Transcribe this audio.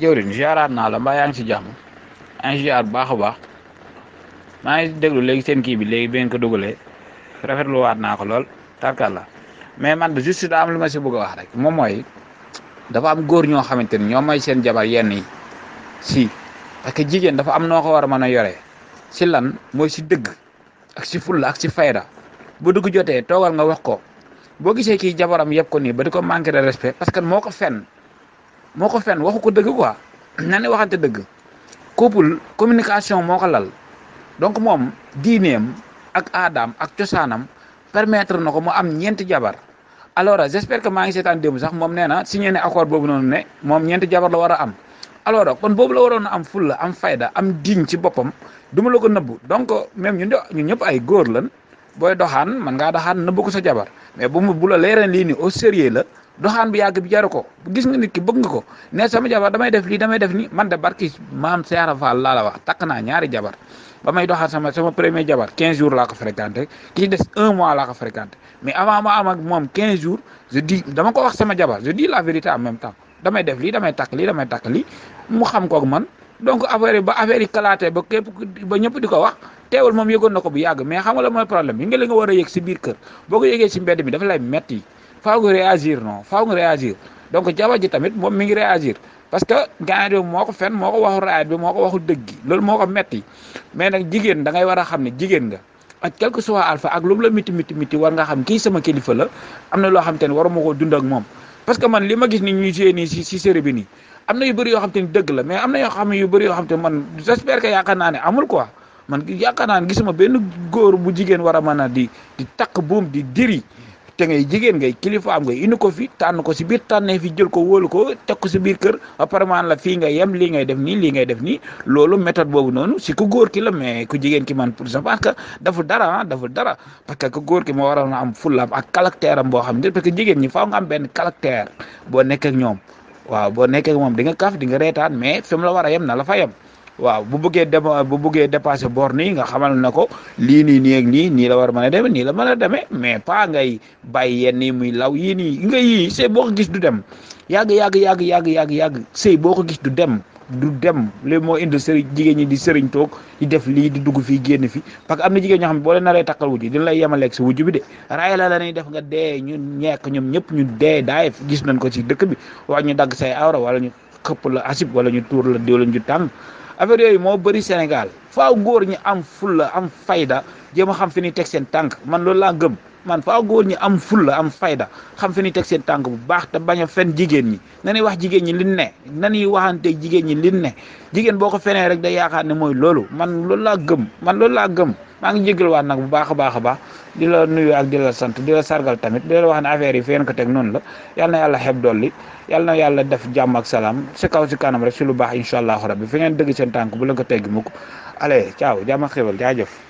jëwriñ ziaraat naa la mbaa yaa ngi si jàmm yaa ngi ziar bu baax a baax maa ngi déglu léegi seen kii bi léegi benn ko rafetluwaat naa ko lool tarkal la mais man de juste daa am lu ma si bëgg a wax rek moom mooy dafa am góor ñoo xamante ni ñoo may seen jabar yenn yi si parce que jigéen dafa am noo ko war a mën a yoree si lan mooy si dëgg ak si la ak si fayra bu dugg jotee toogal nga wax ko boo gisee ki jabaram yëpp ko nii ba di ko manqué de respect parce que moo ko fenn moo ko fen waxu ko dëgg quoi na ne waxante dëgg couple communication moo ko lal donc moom diineem ak aadaam ak cosaanam permettre na ko mu am ñeenti jabar alors j'espère que maa ngi seetaan démb sax moom nee na signé ne accord boobu noonu ne moom ñeenti jabar la war a am alors kon boobu la waroon a am la am fayda am diñ ci boppam duma la ko nëbbu donc même ñun ñun ñëpp ay góor lan booy doxaan man ngaa doxaan na ko sa jabar mais bu mu bu leereen lii ni au sérieux la doxaan bi yàgg bi jaru ko gis nga nit ki bëgg nga ko ne sama jabar damay def lii damay def ni man de barki maam Seara la wax takk naa ñaari jabar ba may doxaan sama sama premier jabar 15 jours laa ko fréquenté ki ci des un mois laa ko fréquenté mais moom 15 jours je dis ko wax sama jabar je dis la vérité en même temps damay def lii damay takk lii damay takk lii mu xam koog man donc affaire ba affaire yi kalaatee ba ba ñëpp di ko wax. teewal moom yëgoon na ko bu yàgg mais xam nga la mooy problème yi nga li a yëg si biir kër boo ko yëgee si mbedd mi dafa lay metti faaw nga réagir non faaw nga réagir donc jabar ji tamit moom mi ngi réagir parce que gaañat bi moo ko fen moo waxul dëgg loolu moo metti mais nag jigéen da ngay war a xam ne jigéen nga ak quel que soit alpha ak lu mu la war nga xam kii sama kilifa la am na loo xam te ne waruma koo dund ak moom parce que li ma gis ni ñuy joué bi nii am na yu bëri yoo xam te dëgg la mais am na yoo xam ne yu yoo xam te ne man j'espère que yaakaar naa ne amul quoi man yaakaar naa ne gisuma benn góor bu jigéen war a mën a di di takk buum di diri te ngay jigéen ngay kilifa am ngay indi ko fi tànn ko si biir tànnee fi jël ko wóolu ko teg ko si biir kër apparemment la fii nga yem lii ngay def nii lii ngay def nii loolu méthode boobu noonu si ku góor ki la mais ku jigéen ki man pour ça parce que dafa dara ah dafa dara parce que ku góor ki moo waroon a am fullaam ak caractère am boo xam ne parce que jigéen ñi faaw nga am benn caractère boo nekk ñoom waaw boo nekkee moom di nga kaf di nga reetaan mais fi la war a yem na la fa yem. waaw bu bëggee dem bu bëggee dépassé borne yi nga xamal na ko lii nii nii ak nii la war a mën a demee nii la mën a demee mais pas ngay bàyyi yenn yi muy law yii nii ngay yii boo ko gis du dem yàgg yàgg yàgg yàgg yàgg yàgg sëy boo ko gis du dem du dem léegi moo indi sëriñ jigéen ñi di sëriñ toog di def lii di dugg fii génn fi parce que am na jigéen ñoo xam ne boo leen naree takkal wujj dina lay yemaleeg si wujj bi de raay la la ñuy def nga dee ñu ñekk ñoom ñëpp ñu dee daay gis nañ ko ci dëkk bi wax ñu dagg say awra wala ñu xëpp la asib wala ñu tuur la diw la ñu tàng affaire yooyu moo bari Sénégal faaw góor ñi am fulla am fayda jéem a xam fi ñuy teg seen tànk man loolu laa gëm man faa góor ñi am fulla am fayda xam fi ñuy teg seen tànk bu baax te bañ a fen jigéen ñi nañuy wax jigéen ñi lin ne nañuy waxanteeg jigéen ñi lin ne jigéen boo ko fenee rek day yaakaar ne mooy loolu man loolu laa gëm man loolu laa gëm maa ngi jégal waat nag bu baax a baax a baax di la nuyu ak di la sant di la sargal tamit di la wax ne affaire yi fi ko teg noonu la yal na yàlla xeb dolli yal na yàlla def jàmm ak salaam si kaw si kanam rek si lu baax incha allahu rabbi fi ngeen dëgg seen tànk bu la ko teggi mukk allez ciao jàmm ak xéwal jaajëf